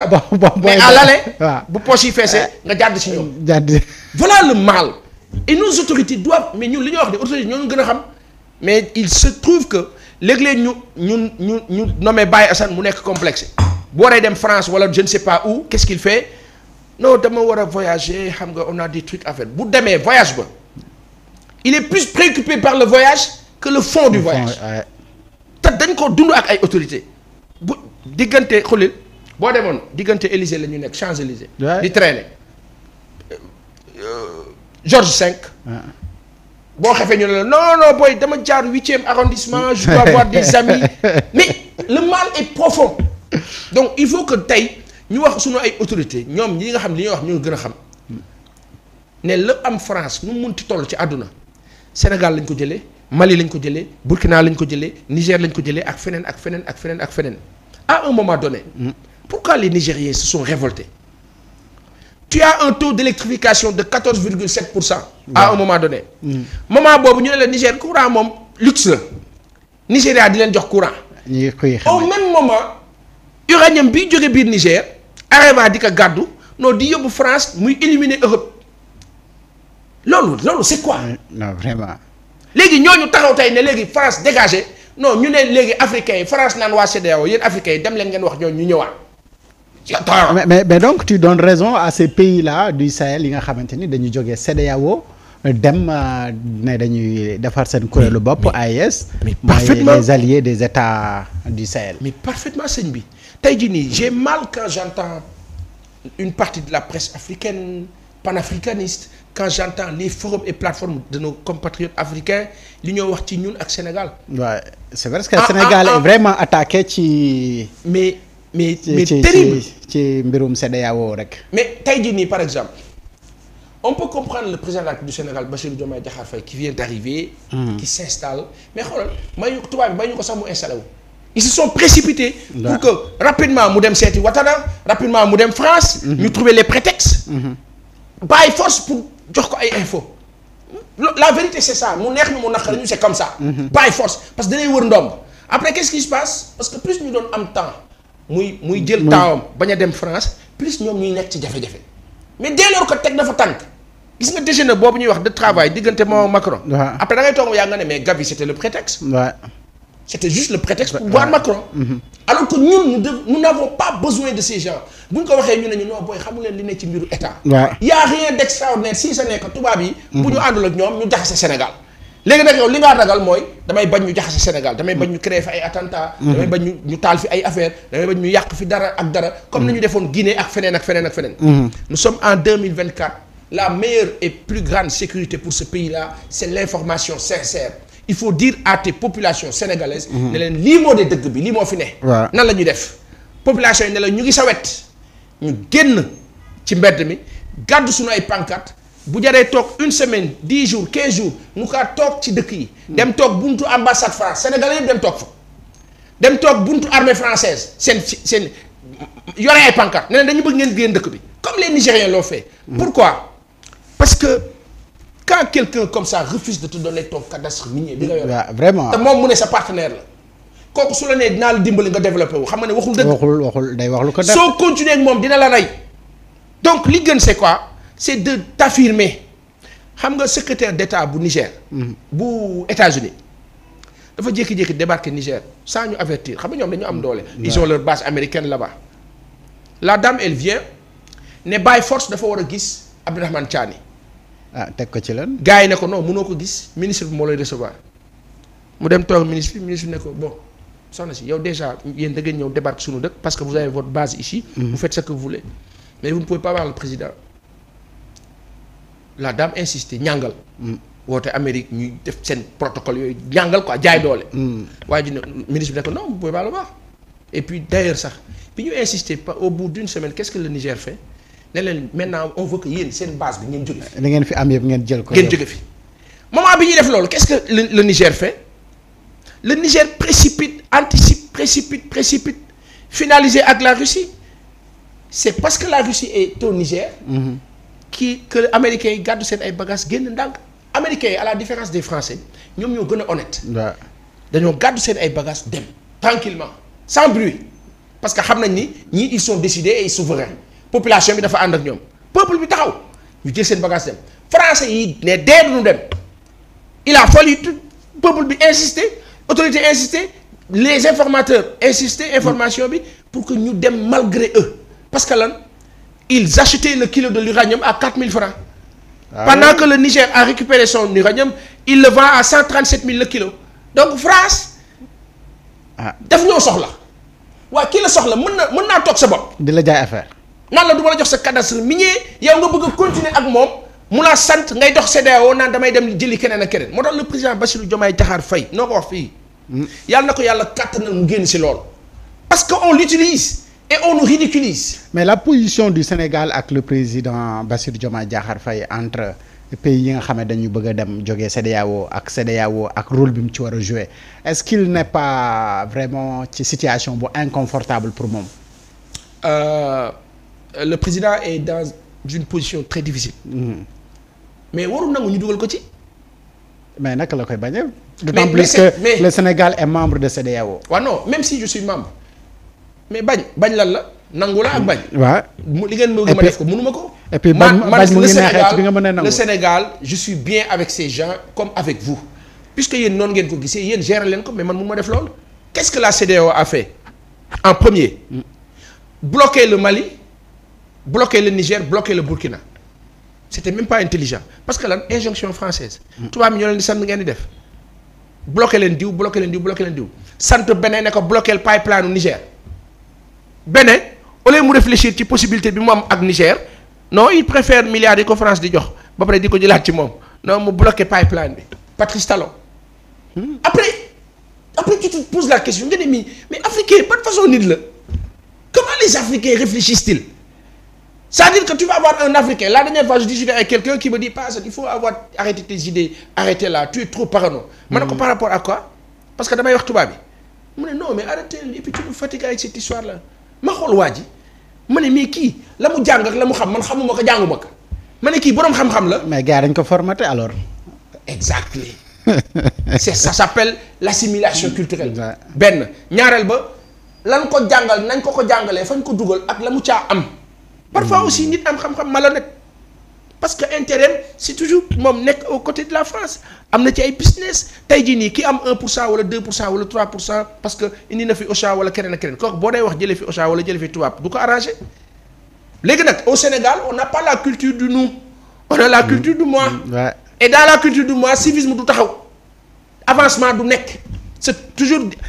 Ah, ba mais à l'aller ah. bu poche yi feesee ah. nga jàdd si ñoom. jàdd voilà le mal. et nos autorités doivent mais ñun li ñu wax ne autorités ñoo gën a xam mais il se trouve que léglé ñu ñun ñu ñu nommé Baye Assane mu nekk complexe. bu waree dem France wala je ne sais pas où qu'est-ce qu'il fait non dama war a voyager xam nga on a di trucs affaire bu demee voyage ba il est plus préoccupé par le voyage que le fond du voyage. te dañ ko dund ak ay autorités bu diggante xulil. boo demoon diggante Élysée la ñu nekk Champs-Élysées di traîner euh, George V boo xefee ñu ne la non non booy dama jaar huitième arrondissement je dois avoir des amis mais le mal est profond donc il faut que tey ñu wax suñu ay autorités ñoom ñi nga xam li ñuy wax ñoo gën a xam ne la am France nu munti toll ci àdduna Sénégal lañ ko jëlee Mali lañ ko jëlee Burkina lañ ko jëlee Niger lañ ko jëlee ak feneen ak feneen ak feneen ak feneen à un moment donné. Mm. pourquoi les Nigériens se sont révoltés tu as un taux d'électrification de 14,7 pour cent. à un moment donné. Mm. moment boobu ñu ne la Niger courant moom luxe la. Nigéria di leen jox courant. au même moment. uranium bi jóge biir Niger. Areva di ko gàddu non di yóbbu France muy éliminer Europe. loolu loolu c'est quoi. non vraiment. léegi ñu taxaw tey ne léegi France dégagé non ñu ne léegi africains yi France naan waa CEDEAO yéen africains yi dem leen ngeen wax ñooñu ñu ñëwaat. mais, mais mais donc tu donnes raison à ces pays là du Sahel yi nga xamante ni dañu jógee CEDEAO dem euh, ne dañuy defar seen kuréelu bopp AES parfaitement les alliés des États du Sahel mais parfaitement sëñ bi tey jii nii j'ai mal quand j'entends une partie de la presse africaine panafricaniste quand j'entends les forums et plateformes de nos compatriotes africains li ñoo wax ci ñun ak Sénégal waaw c'est que ah, ah, Sénégal ah. vraiment attaqué ci mais mais mais terrible ci ci mbirum CEDEAO rek. mais tey jii nii par exemple on peut comprendre le président la République du Sénégal Bassirou Diomaye Diakhar Faye qui vient d'arriver. Hmm. qui s'installe mais xoolal may ñu tubaab bi may ñu ko sax mu installé se sont précipités. pour que rapidement mu dem seeti Ouattara rapidement mu dem France. Hmm. ñu trouver les prétextes. Hmm. bàyyi force pour jox ko ay info la vérité c'est ça mu neex ñu mu naqari ñu c'est comme ça. bàyyi force parce que danay wër ndomb que muy muy jël taawam bañ a dem France plus ñoom ñuy nekk ci jafe-jafe mais dès lors que teg dafa tànk gis nga déjeuner boobu ñuy wax de travail diggante moom Macron. après da ngay toog yaa nga ne mais Gavi c'était le prétexte. waaw c'était juste le prétexte pour voir Macron. Mhm. alors que ñun nous n'avons pas besoin de ces bu ñu ko waxee ñu ne ñu non booy xamu leen li ne ci mbiru état. waaw y a rien d'extraordinaire si sa nekk tubaab yi. Mhm. bu ñu àndul ak ñoom ñu jaxase Sénégal. léegi nag yow li ngaa ragal mooy damay bañ ñu jaxase Sénégal damay bañ ñu ay attentat mhm. damay ñu ñu taal fi ay affaire damay bañ ñu yàq fi dara ak dara comme ni ñu defoon Guinée ak feneen ak feneen ak feneen mhm. nous sommes en 2024 la meilleure et plus grande sécurité pour ce pays là c'est l'information sincère il faut dire à tes populations sénégalaises mhm. ne leen lii moo de dëgg bi lii moo fi ne nan la ñuy def population yi ne la ñu ngi sa wet ñu génn ci mbedd mi gàddu suñu ay pancarte bu jaree toog une semaine dix jour quinze jour mu kaa toog ci dëkk yi. dem toog buntu ambassade France Sénégal yëpp dem toog fa. dem toog buntu armée française seen seen yore ay dañu bëgg ngeen génn dëkk bi comme les Nigériens loo fait. Mm. pourquoi parce que quand quelqu'un comme ça refuse de te donner ton cadastre minier bi nga yore. vraiment te moom mu ne sa partenaire la. kooku su la nee dinaa la dimbali nga développé wu xam nga ne waxul dëgg. waxul waxul day wax lu ko def soo continuer moom dina la rey. donc li gën c'est quoi. c'est de t'affirmer xam nga secrétaire d'État bu Niger. Mm-hmm. bu États-Unis dafa jékki-jékki débarquer Niger sans ñu avertir xam nga ñoom dañu am doole. Mm-hmm. ils ont leur base américaine la bas la dame elle vient ne by force dafa war a gis Abdourahmane Tiani. ah teg ko ci lan. gars yi ne ko non mënoo ko gis ministre bi moo lay recevoir mu dem toog ministre bi ministre ne ko bon soxna si yow déjà yéen da ngeen ñëw débarque suñu dëkk parce que vous avez votre base ici. Mm-hmm. vous faites ce que vous voulez mais vous la dame insisté ñàngal woote Amérique ñu def seen protocole yooyu ñàngal quoi jaay doole mm. waaye dina ministre bi ne ko non booy baa baax et puis d'ailleurs sax bi ñu insister au bout d'une semaine qu'est-ce que le Niger fait ne leen maintenant on veut que yéen seen base bi ngeen jóge fi da ngeen fi am yëpp ngeen jël ko ngeen jóge fi moment bi ñuy def loolu qu'est-ce que le, le Niger fait le Niger précipite anticipe précipite précipite finalisé ak la Russie c'est parce que la Russie est kii que américains yi gàddu seen ay bagages génn ndànk américains yi à la différence des français ñoom ñoo gën a honnête. dañoo gàddu seen ay bagages dem. tranquillement sans bruit parce que xam nañ ni ñii ils sont décidés ay souverains population bi dafa ànd ak ñoom peuple bi taxaw ñu jël seen bagage dem français yi ne dee duñu dem il a fallu peuple bi insister autorité insister les informateurs insister information bi pour que ñu dem malgré eux parce que lan. ils achetaient le kilo de l'uranium à 4000 francs. Ah pendant oui. que le Niger a récupéré son uranium il le vend à 137 000 le kilo donc France. ah daf ñoo soxla. waa kii la soxla mën na mën naa toog sa bopp. di la jaay affaire. naan la du ma la jox sa cadastre minier yow nga bëgg a continuer ak moom mu laa sant ngay dox CEDEAO naan damay dem jëli keneen ak keneen moo tax le président Bassirou Diomaye Diakhar Faye noo ko wax fii. Hmm. yàlla na ko yàlla kàttanal mu génn si loolu. et on mais la position du Sénégal ak le président Bassirou Diomaye Diakhar Faye entre pays yi nga xam ne dañu bëgg a dem jógee CEDEAO ak CEDEAO ak rôle bi mu ci war a jouer est-ce qu'il n'est pas vraiment ci situation bu inconfortable pour moom. Euh, le président est dans une position très difficile. Mmh. mais warul nangu ñu dugal ko ci. mais naka la koy bañee. d'autant plus que mais, le Sénégal est membre de CEDEAO. waaw même si je suis membre. mais bañ bañ lan la nangu la ak bañ. waaw mu li ngeen bëgg ma def ko ma ko. et puis bañ bañ mu ngi neexee bi nga mën a nangu le Sénégal je suis bien avec ces gens comme avec vous. puisque yéen noon ngeen ko gisee yéen gérer leen ko mais man mënuma def loolu. qu'est-ce que la CEDEAO a fait en premier. bloquer le Mali bloquer le Niger bloquer le Burkina. c'était même pas intelligent parce que lan injonction française tubaab mi ñoo leen di sant ngeen di def. bloquer leen diw bloquer leen diw bloquer leen diw sant beneen ne ko bloquer pipeline u Niger. Bénin au mu réfléchir ci possibilité bi moom ak Niger non il préfère milliards yi ko di jox ba pare di ko jëlaat ci moom non mu bloqué pipeline bi Patrice Talon hmm. après après tu te poses la question nga ne mii mais africain ban façon nit la comment les africains réfléchissent-ils dire que tu vas avoir un africain la dernière fois je discutais avec quelqu'un qui me dit pas il faut avoir arrêté tes idées arrêtez là tu es trop parano ma ne hmm. ko par rapport à parce que damay wax tubaab mu ne non mais arrêtez et puis tu nous ma xool waa ji ma ne mais kii la mu jàng ak la mu xam man xamuma ko jànguma ko ma ne kii boroom xam-xam la. mais gars dañ ko formaté alors. exactly c'est ça s'appelle l'assimilation culturelle. benn ñaareel ba lan ko jàngal nañ ko ko jàngalee fañ ko dugal ak la mu caa am. parfois hmm. aussi nit am xam-xam malhonnête. parce que intérêt c'est toujours moom nekk aux côté de la France am na ci ay business tey jii nii ki am 1 pour cent wala 2 pour cent wala 3 pour cent parce que indi na fi Auchan wala keneen ak keneen kooku boo day wax jëlee fi Auchan wala jëlee fi tubaab du ko arrangé léegi nag au Sénégal on n'a pas la culture du nous on na la culture du mois mm, Ouais. et dans la culture du moi civisme du taxaw avancement du nekk c'est toujours